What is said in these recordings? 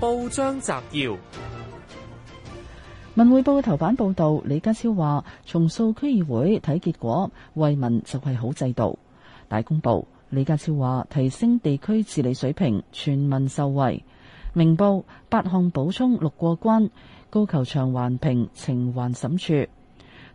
報章摘要：《文匯報》頭版報道，李家超話，重塑區議會睇結果，為民就係好制度。大公報，李家超話，提升地區治理水平，全民受惠。明報，八項補充六過關，高球場環評，呈環審處。《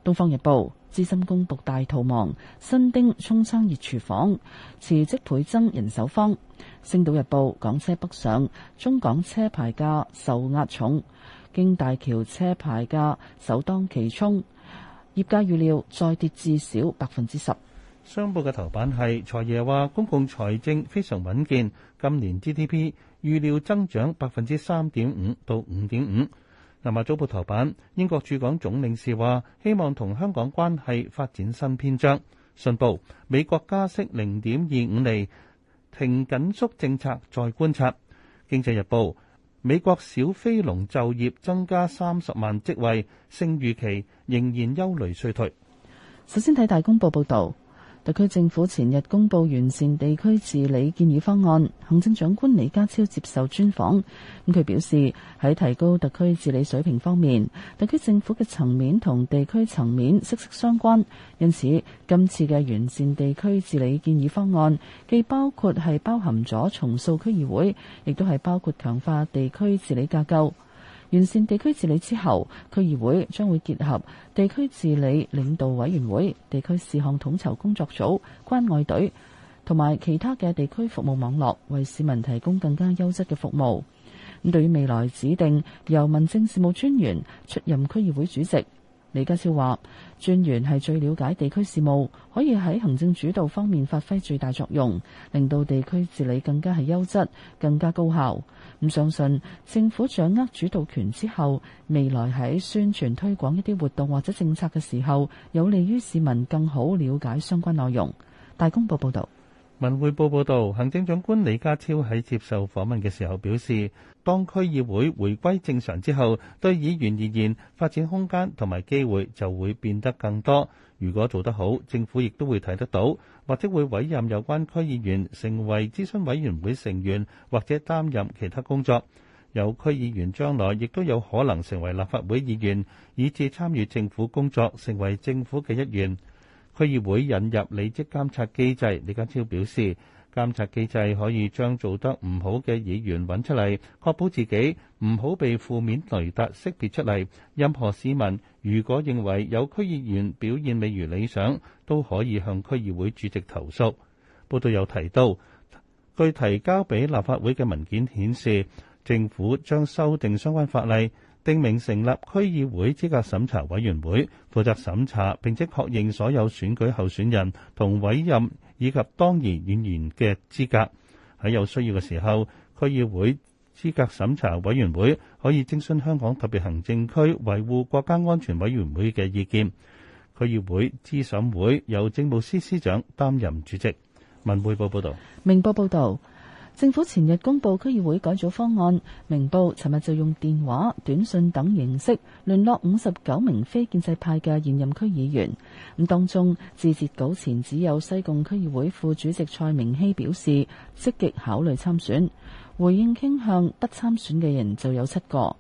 東方日報》。資深公僕大逃亡，新丁衝生熱廚房，辭職倍增人手荒。《星島日報》港車北上，中港車牌價受壓重，京大橋車牌價首當其衝，業界預料再跌至少百分之十。商報嘅頭版係財爺話，公共財政非常穩健，今年 GDP 預料增長百分之三點五到五點五。嗱，南華早報頭版，英國駐港總領事話希望同香港關係發展新篇章。信報，美國加息零點二五厘，停緊縮政策再觀察。經濟日報，美國小非農就業增加三十萬職位，勝預期，仍然憂慮衰退。首先睇大公報報導。特區政府前日公布，完善地區治理建議方案，行政長官李家超接受專訪。咁佢表示，喺提高特區治理水平方面，特區政府嘅層面同地區層面息息相關。因此，今次嘅完善地區治理建議方案，既包括係包含咗重塑區議會，亦都係包括強化地區治理架構。完善地區治理之後，區議會將會結合地區治理領導委員會、地區事項統籌工作組、關愛隊同埋其他嘅地區服務網絡，為市民提供更加優質嘅服務。咁對於未來指定由民政事務專員出任區議會主席。李家超話專員係最了解地區事務，可以喺行政主導方面發揮最大作用，令到地區治理更加係優質，更加高效。唔相信政府掌握主導權之後，未來喺宣傳推廣一啲活動或者政策嘅時候，有利於市民更好了解相關內容。大公報報道。文匯報報道，行政長官李家超喺接受訪問嘅時候表示，當區議會回歸正常之後，對議員而言，發展空間同埋機會就會變得更多。如果做得好，政府亦都會睇得到，或者會委任有關區議員成為諮詢委員會成員，或者擔任其他工作。有區議員將來亦都有可能成為立法會議員，以至參與政府工作，成為政府嘅一員。區議會引入履職監察機制，李家超表示，監察機制可以將做得唔好嘅議員揾出嚟，確保自己唔好被負面雷達識別出嚟。任何市民如果認為有區議員表現未如理想，都可以向區議會主席投訴。報道有提到，據提交俾立法會嘅文件顯示，政府將修訂相關法例。定名，成立區議會資格審查委員會，負責審查，並且確認所有選舉候選人同委任以及當然議員嘅資格。喺有需要嘅時候，區議會資格審查委員會可以徵詢香港特別行政區維護國家安全委員會嘅意見，區議會資審會由政務司司長擔任主席。文匯報報道，明報報道。政府前日公布區議會改組方案，明報尋日就用電話、短信等形式聯絡五十九名非建制派嘅現任區議員。咁當中至截稿前只有西貢區議會副主席蔡明熙表示積極考慮參選，回應傾向不參選嘅人就有七個。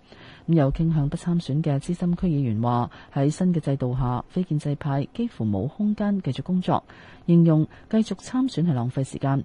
咁有傾向不參選嘅資深區議員話，喺新嘅制度下，非建制派幾乎冇空間繼續工作，形容繼續參選係浪費時間。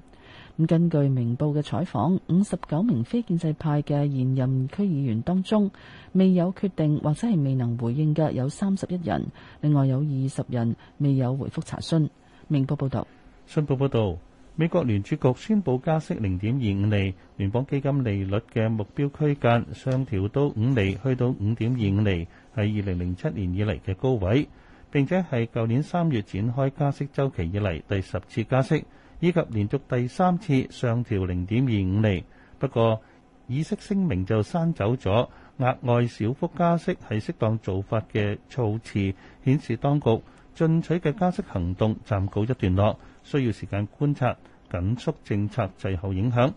根據明報嘅採訪，五十九名非建制派嘅現任區議員當中，未有決定或者係未能回應嘅有三十一人，另外有二十人未有回覆查詢。明報報道。信報報道，美國聯儲局宣布加息零點二五厘，聯邦基金利率嘅目標區間上調到五厘，去到五點二五厘，係二零零七年以嚟嘅高位，並且係舊年三月展開加息週期以嚟第十次加息。以及連續第三次上調零點二五釐，不過議息聲明就刪走咗，額外小幅加息係適當做法嘅措辭，顯示當局進取嘅加息行動暫告一段落，需要時間觀察緊縮政策滯後影響。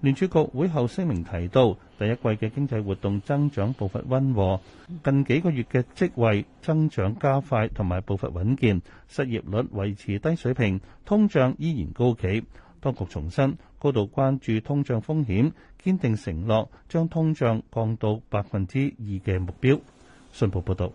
聯儲局會後聲明提到，第一季嘅經濟活動增長步伐溫和，近幾個月嘅職位增長加快，同埋步伐穩健，失業率維持低水平，通脹依然高企。當局重申高度關注通脹風險，堅定承諾將通脹降到百分之二嘅目標。信報報導。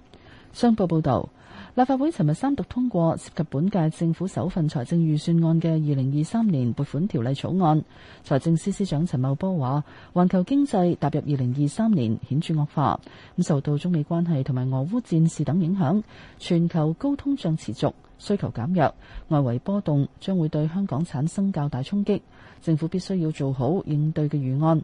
商報報道，立法會尋日三讀通過涉及本屆政府首份財政預算案嘅二零二三年撥款條例草案。財政司司長陳茂波話：環球經濟踏入二零二三年顯著惡化，咁受到中美關係同埋俄烏戰事等影響，全球高通脹持續，需求減弱，外圍波動將會對香港產生較大衝擊。政府必須要做好應對嘅預案。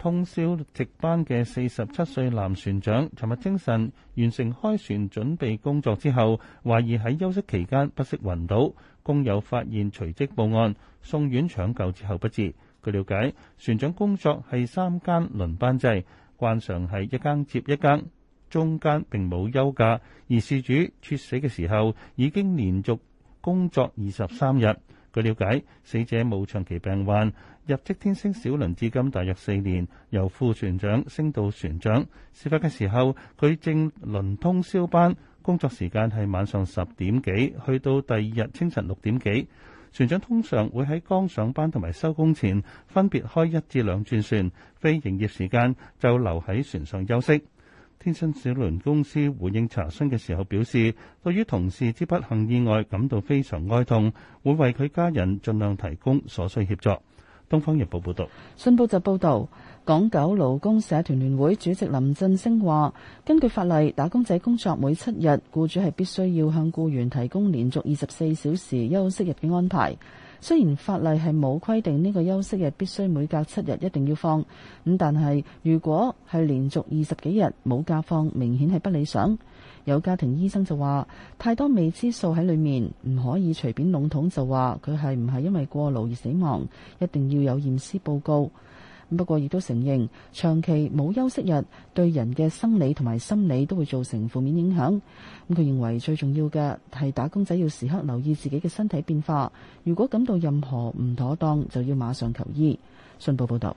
通宵值班嘅四十七歲男船長尋日清晨完成開船準備工作之後懷疑喺休息期間不適暈倒，工友發現隨即報案，送院搶救之後不治。據了解，船長工作係三間輪班制，慣常係一間接一間，中間並冇休假，而事主猝死嘅時候已經連續工作二十三日。據了解，死者冇長期病患，入職天星小輪至今大約四年，由副船長升到船長。事發嘅時候，佢正輪通宵班，工作時間係晚上十點幾，去到第二日清晨六點幾。船長通常會喺剛上班同埋收工前，分別開一至兩轉船，非營業時間就留喺船上休息。天星小輪公司回應查詢嘅時候表示，對於同事之不幸意外感到非常哀痛，會為佢家人盡量提供所需協助。東方日報報道，信報就報道港九勞工社團聯會主席林振昇話，根據法例，打工仔工作每七日，僱主係必須要向僱員提供連續二十四小時休息日嘅安排。雖然法例係冇規定呢個休息日必須每隔七日一定要放，咁但係如果係連續二十幾日冇假放，明顯係不理想。有家庭醫生就話，太多未知數喺裏面，唔可以隨便籠統就話佢係唔係因為過勞而死亡，一定要有驗屍報告。不過亦都承認，長期冇休息日對人嘅生理同埋心理都會造成負面影響。咁佢認為最重要嘅係打工仔要時刻留意自己嘅身體變化，如果感到任何唔妥當，就要馬上求醫。信報報道。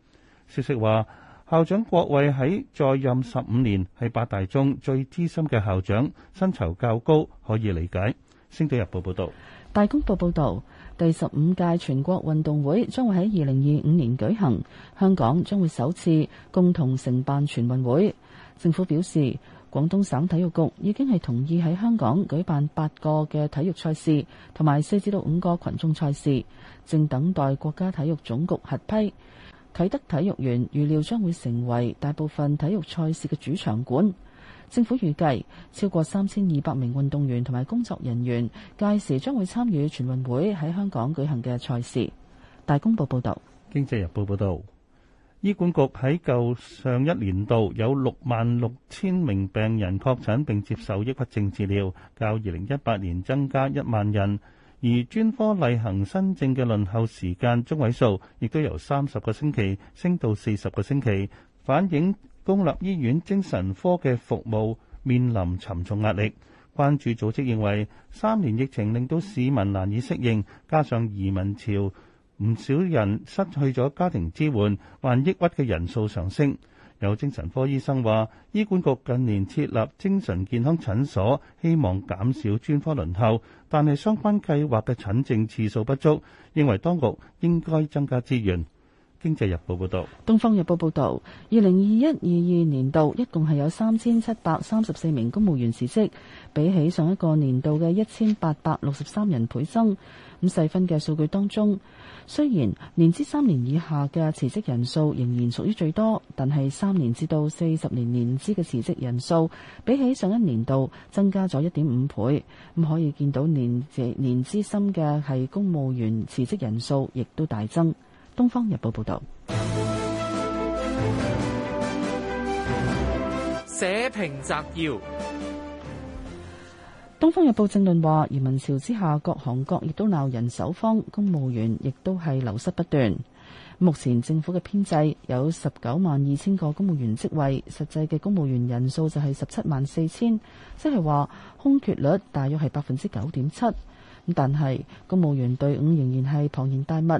消息話，校長郭位喺在任十五年，係八大中最資深嘅校長，薪酬較高，可以理解。星島日報報道，大公報報道，第十五屆全國運動會將會喺二零二五年舉行，香港將會首次共同承辦全運會。政府表示，廣東省體育局已經係同意喺香港舉辦八個嘅體育賽事，同埋四至到五個群眾賽事，正等待國家體育總局核批。啟德體育園預料將會成為大部分體育賽事嘅主場館。政府預計超過三千二百名運動員同埋工作人員，屆時將會參與全運會喺香港舉行嘅賽事。大公報報道，經濟日報報道，醫管局喺舊上一年度有六萬六千名病人確診並接受抑鬱症治療，較二零一八年增加一萬人。而專科例行新症嘅輪候時間中位數亦都由三十個星期升到四十個星期，反映公立醫院精神科嘅服務面臨沉重壓力。關注組織認為，三年疫情令到市民難以適應，加上移民潮，唔少人失去咗家庭支援，患抑鬱嘅人數上升。有精神科醫生話，醫管局近年設立精神健康診所，希望減少專科輪候，但係相關計劃嘅診症次數不足，認為當局應該增加資源。經濟日報報道，東方日報報道，二零二一二二年度一共係有三千七百三十四名公務員辭職，比起上一個年度嘅一千八百六十三人倍增。咁細分嘅數據當中，雖然年資三年以下嘅辭職人數仍然屬於最多，但係三年至到四十年年資嘅辭職人數，比起上一年度增加咗一點五倍。咁可以見到年年資深嘅係公務員辭職人數亦都大增。《東方日報》報道，社評摘要，《東方日報》正論話，移民潮之下，各行各業都鬧人手荒，公務員亦都係流失不斷。目前政府嘅編制有十九萬二千個公務員職位，實際嘅公務員人數就係十七萬四千，即係話空缺率大約係百分之九點七。咁但係公務員隊伍仍然係龐然大物。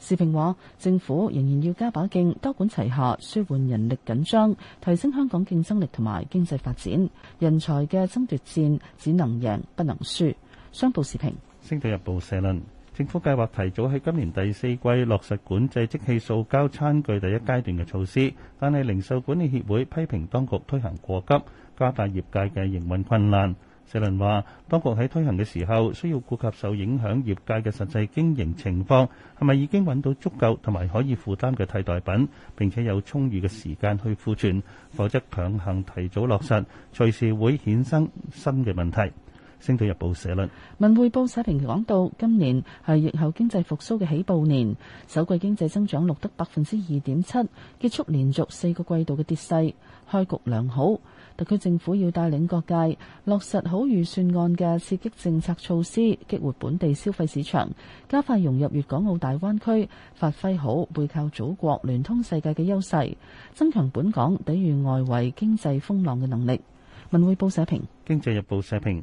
時評話，政府仍然要加把勁，多管齊下，舒緩人力緊張，提升香港競爭力同埋經濟發展。人才嘅爭奪戰只能贏不能輸。商報時評，星島日報社論。政府計劃提早喺今年第四季落實管制即棄塑膠餐具第一階段嘅措施，但係零售管理協會批評當局推行過急，加大業界嘅營運困難。社論話，當局喺推行嘅時候，需要顧及受影響業界嘅實際經營情況，係咪已經揾到足夠同埋可以負擔嘅替代品，並且有充裕嘅時間去庫存，否則強行提早落實，隨時會衍生新嘅問題。星島日報社論。文匯報社評講到，今年係疫後經濟復甦嘅起步年，首季經濟增長錄得百分之二點七，結束連續四個季度嘅跌勢，開局良好。特區政府要帶領各界落實好預算案嘅刺激政策措施，激活本地消費市場，加快融入粵港澳大灣區，發揮好背靠祖國聯通世界嘅優勢，增強本港抵禦外圍經濟風浪嘅能力。文匯報社評。經濟日報社評。